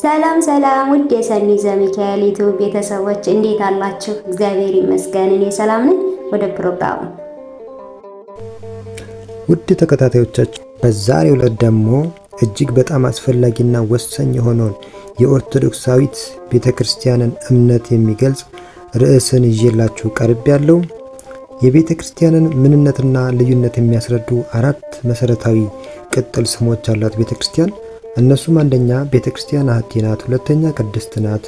ሰላም ሰላም ውድ የሰኒ ዘሚካኤል ዩቲዩብ ቤተሰቦች እንዴት አላችሁ? እግዚአብሔር ይመስገን እኔ ሰላም ነኝ። ወደ ፕሮግራሙ ውድ ተከታታዮቻችን በዛሬው ዕለት ደግሞ እጅግ በጣም አስፈላጊና ወሳኝ የሆነውን የኦርቶዶክሳዊት ቤተ ክርስቲያንን እምነት የሚገልጽ ርዕስን ይዤላችሁ ቀርብ ያለው የቤተ ክርስቲያንን ምንነትና ልዩነት የሚያስረዱ አራት መሰረታዊ ቅጥል ስሞች ያሏት ቤተ ክርስቲያን እነሱም አንደኛ ቤተ ክርስቲያን አሐቲ ናት፣ ሁለተኛ ቅድስት ናት፣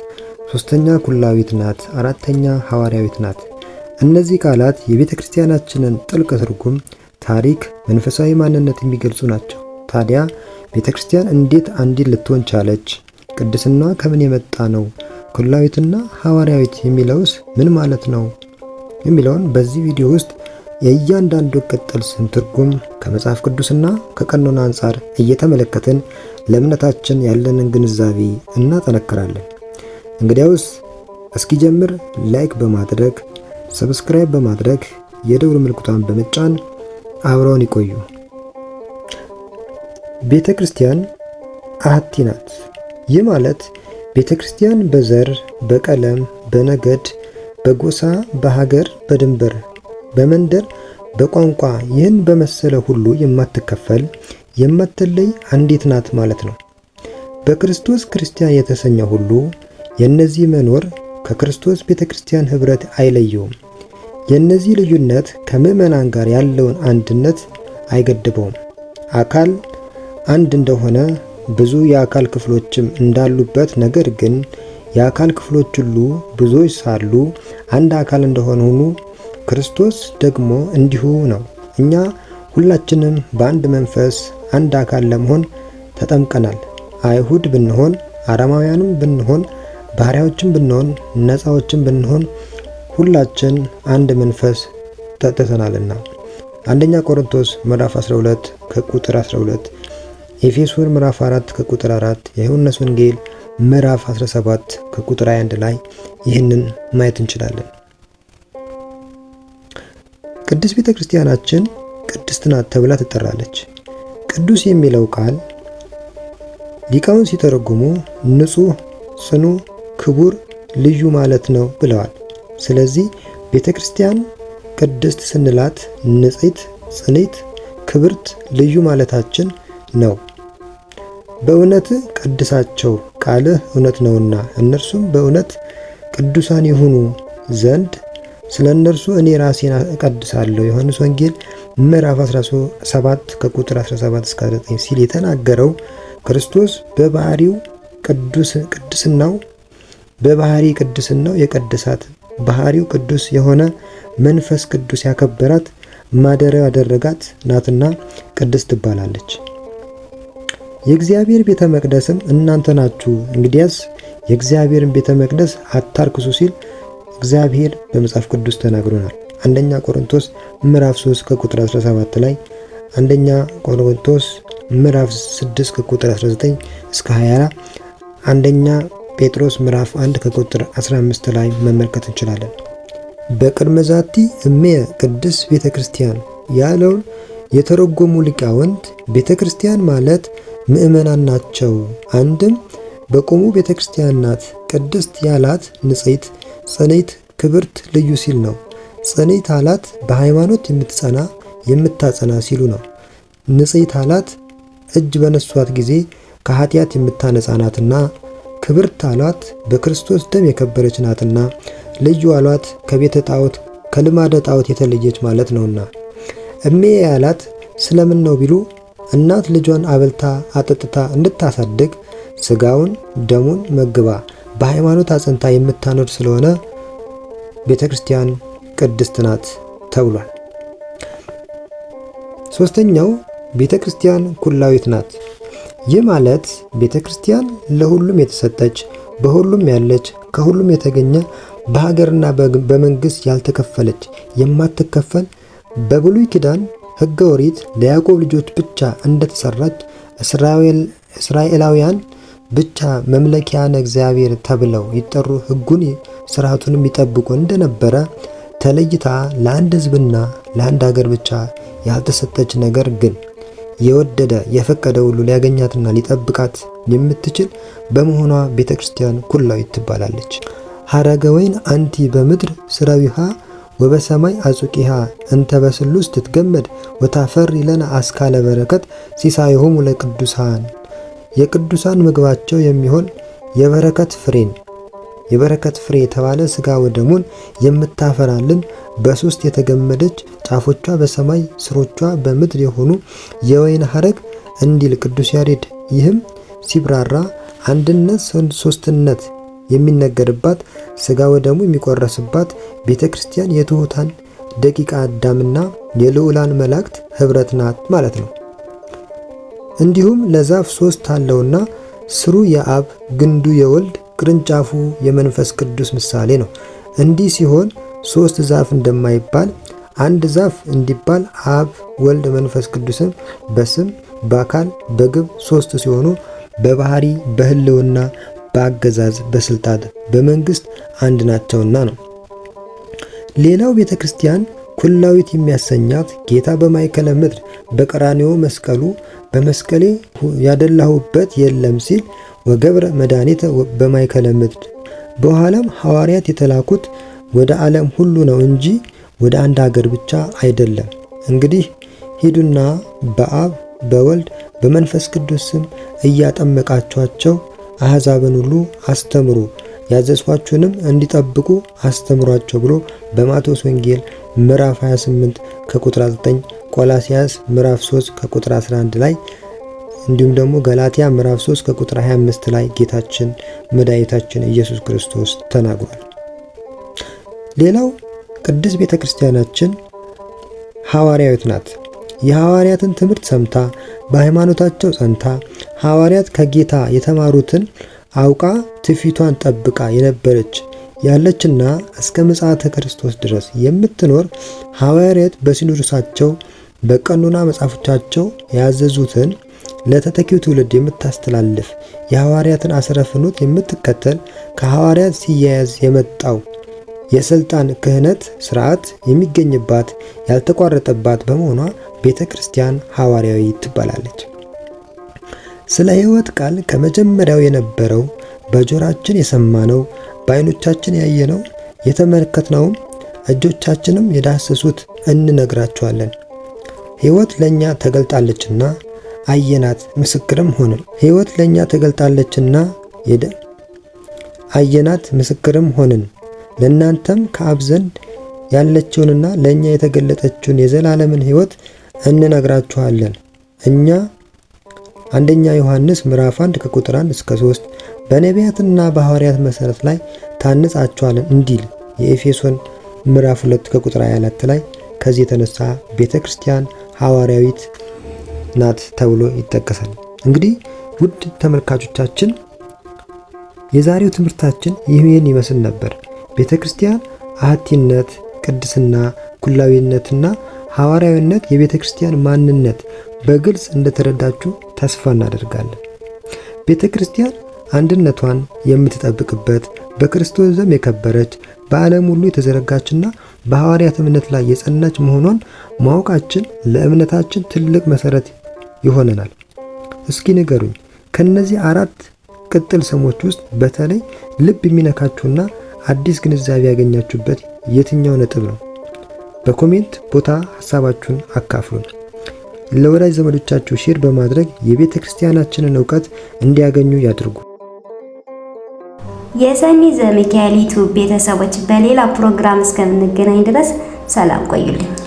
ሶስተኛ ኩላዊት ናት፣ አራተኛ ሐዋርያዊት ናት። እነዚህ ቃላት የቤተ ክርስቲያናችንን ጥልቅ ትርጉም፣ ታሪክ፣ መንፈሳዊ ማንነት የሚገልጹ ናቸው። ታዲያ ቤተ ክርስቲያን እንዴት አንዲት ልትሆን ቻለች? ቅድስና ከምን የመጣ ነው? ኩላዊትና ሐዋርያዊት የሚለውስ ምን ማለት ነው? የሚለውን በዚህ ቪዲዮ ውስጥ የእያንዳንዱ ቅጥል ስም ትርጉም ከመጽሐፍ ቅዱስና ከቀኖና አንጻር እየተመለከትን ለእምነታችን ያለንን ግንዛቤ እናጠነክራለን። እንግዲያውስ እስኪጀምር ላይክ በማድረግ ሰብስክራይብ በማድረግ የደውል ምልክቷን በመጫን አብረውን ይቆዩ። ቤተ ክርስቲያን አሐቲ ናት። ይህ ማለት ቤተ ክርስቲያን በዘር፣ በቀለም፣ በነገድ፣ በጎሳ፣ በሀገር፣ በድንበር በመንደር በቋንቋ ይህን በመሰለ ሁሉ የማትከፈል የማትለይ አንዲት ናት ማለት ነው። በክርስቶስ ክርስቲያን የተሰኘ ሁሉ የእነዚህ መኖር ከክርስቶስ ቤተ ክርስቲያን ኅብረት አይለየውም። የእነዚህ ልዩነት ከምዕመናን ጋር ያለውን አንድነት አይገድበውም። አካል አንድ እንደሆነ ብዙ የአካል ክፍሎችም እንዳሉበት ነገር ግን የአካል ክፍሎች ሁሉ ብዙዎች ሳሉ አንድ አካል እንደሆነ ክርስቶስ ደግሞ እንዲሁ ነው። እኛ ሁላችንም በአንድ መንፈስ አንድ አካል ለመሆን ተጠምቀናል። አይሁድ ብንሆን፣ አረማውያንም ብንሆን፣ ባሪያዎችም ብንሆን፣ ነፃዎችም ብንሆን ሁላችን አንድ መንፈስ ጠጥተናልና። አንደኛ ቆሮንቶስ ምዕራፍ 12 ከቁጥር 12፣ ኤፌሶን ምዕራፍ 4 ከቁጥር 4፣ የዮሐንስ ወንጌል ምዕራፍ 17 ከቁጥር 21 ላይ ይህንን ማየት እንችላለን። ቅድስት ቤተ ክርስቲያናችን ቅድስት ናት ተብላ ትጠራለች። ቅዱስ የሚለው ቃል ሊቃውን ሲተረጉሙ ንጹሕ፣ ጽኑ፣ ክቡር፣ ልዩ ማለት ነው ብለዋል። ስለዚህ ቤተ ክርስቲያን ቅድስት ስንላት ንጽሕት፣ ጽኒት፣ ክብርት፣ ልዩ ማለታችን ነው። በእውነት ቀድሳቸው ቃልህ እውነት ነውና እነርሱም በእውነት ቅዱሳን ይሁኑ ዘንድ ስለ እነርሱ እኔ ራሴን እቀድሳለሁ ዮሐንስ ወንጌል ምዕራፍ 17 ከቁጥር 17 እስከ 19 ሲል የተናገረው ክርስቶስ በባህሪው ቅዱስ ቅድስናው በባህሪ ቅድስናው የቀደሳት ባህሪው ቅዱስ የሆነ መንፈስ ቅዱስ ያከበራት ማደሪያው ያደረጋት ናትና ቅድስት ትባላለች። የእግዚአብሔር ቤተ መቅደስም እናንተ ናችሁ፣ እንግዲያስ የእግዚአብሔርን ቤተ መቅደስ አታርክሱ ሲል እግዚአብሔር በመጽሐፍ ቅዱስ ተናግሮናል። አንደኛ ቆሮንቶስ ምዕራፍ 3 ከቁጥር 17 ላይ አንደኛ ቆሮንቶስ ምዕራፍ 6 ከቁጥር 19 እስከ 24 አንደኛ ጴጥሮስ ምዕራፍ 1 ከቁጥር 15 ላይ መመልከት እንችላለን። በቅድመ ዛቲ እሜ ቅድስ ቤተ ክርስቲያን ያለውን የተረጎሙ ሊቃውንት ቤተ ክርስቲያን ማለት ምእመናን ናቸው። አንድም በቆሙ ቤተ ክርስቲያን ናት። ቅድስት ያላት ንጽሕት ጸኔት ክብርት ልዩ ሲል ነው። ጸኔት አላት በሃይማኖት የምትጸና የምታጸና ሲሉ ነው። ንጽሕት አላት እጅ በነሷት ጊዜ ከኃጢአት የምታነጻናትና ክብርት አሏት በክርስቶስ ደም የከበረች ናትና። ልዩ አሏት ከቤተ ጣዖት ከልማደ ጣዖት የተለየች ማለት ነውና። እሜ አላት ስለምን ነው ቢሉ እናት ልጇን አበልታ አጠጥታ እንድታሳድግ ስጋውን ደሙን መግባ በሃይማኖት አጽንታ የምታኖር ስለሆነ ቤተ ክርስቲያን ቅድስት ናት ተብሏል። ሶስተኛው ቤተ ክርስቲያን ኩላዊት ናት። ይህ ማለት ቤተ ክርስቲያን ለሁሉም የተሰጠች፣ በሁሉም ያለች፣ ከሁሉም የተገኘ፣ በሀገርና በመንግስት ያልተከፈለች፣ የማትከፈል በብሉይ ኪዳን ሕገ ኦሪት ለያዕቆብ ልጆች ብቻ እንደተሰራች እስራኤላውያን ብቻ መምለኪያን እግዚአብሔር ተብለው ይጠሩ ህጉን ስርዓቱንም የሚጠብቁ እንደነበረ ተለይታ ለአንድ ህዝብና ለአንድ ሀገር ብቻ ያልተሰጠች ነገር ግን የወደደ የፈቀደ ሁሉ ሊያገኛትና ሊጠብቃት የምትችል በመሆኗ ቤተ ክርስቲያን ኩላዊት ትባላለች። ሀረገ ወይን አንቲ በምድር ስረዊሃ ወበሰማይ አጹቂሃ እንተ በስሉስ ትትገመድ ወታፈሪ ለነ አስካለ በረከት ሲሳይሆሙ ለቅዱሳን የቅዱሳን ምግባቸው የሚሆን የበረከት ፍሬን የበረከት ፍሬ የተባለ ስጋ ወደሙን የምታፈራልን በሶስት የተገመደች ጫፎቿ በሰማይ ስሮቿ በምድር የሆኑ የወይን ሐረግ እንዲል ቅዱስ ያሬድ። ይህም ሲብራራ አንድነት ሶስትነት የሚነገርባት ስጋ ወደሙ የሚቆረስባት ቤተ ክርስቲያን የትሑታን ደቂቃ አዳምና የልዑላን መላእክት ኅብረት ናት ማለት ነው። እንዲሁም ለዛፍ ሶስት አለውና ስሩ የአብ ግንዱ የወልድ ቅርንጫፉ የመንፈስ ቅዱስ ምሳሌ ነው። እንዲህ ሲሆን ሶስት ዛፍ እንደማይባል አንድ ዛፍ እንዲባል አብ፣ ወልድ፣ መንፈስ ቅዱስን በስም በአካል በግብ ሶስት ሲሆኑ በባህሪ በህልውና በአገዛዝ በስልጣት በመንግስት አንድ ናቸውና ነው። ሌላው ቤተ ክርስቲያን ኩላዊት የሚያሰኛት ጌታ በማይከለ ምድር በቀራንዮ መስቀሉ በመስቀሌ ያደላሁበት የለም ሲል ወገብረ መድኃኒተ በማይከለ ምድር። በኋላም ሐዋርያት የተላኩት ወደ ዓለም ሁሉ ነው እንጂ ወደ አንድ አገር ብቻ አይደለም። እንግዲህ ሂዱና በአብ በወልድ በመንፈስ ቅዱስ ስም እያጠመቃችኋቸው አሕዛብን ሁሉ አስተምሩ ያዘዝኋችሁንም እንዲጠብቁ አስተምሯቸው ብሎ በማቴዎስ ወንጌል ምዕራፍ 28 ከቁጥር 9፣ ቆላሲያስ ምዕራፍ 3 ከቁጥር 11 ላይ እንዲሁም ደግሞ ገላትያ ምዕራፍ 3 ከቁጥር 25 ላይ ጌታችን መድኃኒታችን ኢየሱስ ክርስቶስ ተናግሯል። ሌላው ቅድስት ቤተ ክርስቲያናችን ሐዋርያዊት ናት። የሐዋርያትን ትምህርት ሰምታ በሃይማኖታቸው ጸንታ ሐዋርያት ከጌታ የተማሩትን አውቃ ትውፊቷን ጠብቃ የነበረች ያለችና እስከ ምጽአተ ክርስቶስ ድረስ የምትኖር ሐዋርያት በሲኖዶሳቸው በቀኖና መጽሐፎቻቸው ያዘዙትን ለተተኪው ትውልድ የምታስተላልፍ የሐዋርያትን አስረ ፍኖት የምትከተል ከሐዋርያት ሲያያዝ የመጣው የሥልጣን ክህነት ሥርዓት የሚገኝባት ያልተቋረጠባት በመሆኗ ቤተ ክርስቲያን ሐዋርያዊ ትባላለች። ስለ ሕይወት ቃል ከመጀመሪያው የነበረው በጆራችን የሰማነው በዓይኖቻችን ያየነው የተመለከትነውም እጆቻችንም የዳሰሱት እንነግራችኋለን። ሕይወት ለእኛ ተገልጣለችና አየናት፣ ምስክርም ሆንን። ሕይወት ለእኛ ተገልጣለችና አየናት፣ ምስክርም ሆንን። ለእናንተም ከአብ ዘንድ ያለችውንና ለእኛ የተገለጠችውን የዘላለምን ሕይወት እንነግራችኋለን እኛ አንደኛ ዮሐንስ ምዕራፍ 1 ከቁጥር 1 እስከ 3 በነቢያትና በሐዋርያት መሠረት ላይ ታንጻችኋል እንዲል የኤፌሶን ምዕራፍ 2 ከቁጥር 24 ላይ ከዚህ የተነሳ ቤተ ክርስቲያን ሐዋርያዊት ናት ተብሎ ይጠቀሳል። እንግዲህ ውድ ተመልካቾቻችን የዛሬው ትምህርታችን ይህን ይመስል ነበር። ቤተ ክርስቲያን አሐቲነት፣ ቅድስና፣ ኩላዊነትና ሐዋርያዊነት የቤተ ክርስቲያን ማንነት በግልጽ እንደተረዳችሁ ተስፋ እናደርጋለን። ቤተ ክርስቲያን አንድነቷን የምትጠብቅበት በክርስቶስ ዘም የከበረች በዓለም ሁሉ የተዘረጋችና በሐዋርያት እምነት ላይ የጸናች መሆኗን ማወቃችን ለእምነታችን ትልቅ መሠረት ይሆነናል። እስኪ ንገሩኝ፣ ከእነዚህ አራት ቅጥል ስሞች ውስጥ በተለይ ልብ የሚነካችሁና አዲስ ግንዛቤ ያገኛችሁበት የትኛው ነጥብ ነው? በኮሜንት ቦታ ሀሳባችሁን አካፍሉን። ለወዳጅ ዘመዶቻችሁ ሼር በማድረግ የቤተ ክርስቲያናችንን እውቀት እንዲያገኙ ያድርጉ። የሰኒ ዘሚካኤል ቤተሰቦች በሌላ ፕሮግራም እስከምንገናኝ ድረስ ሰላም ቆዩልኝ።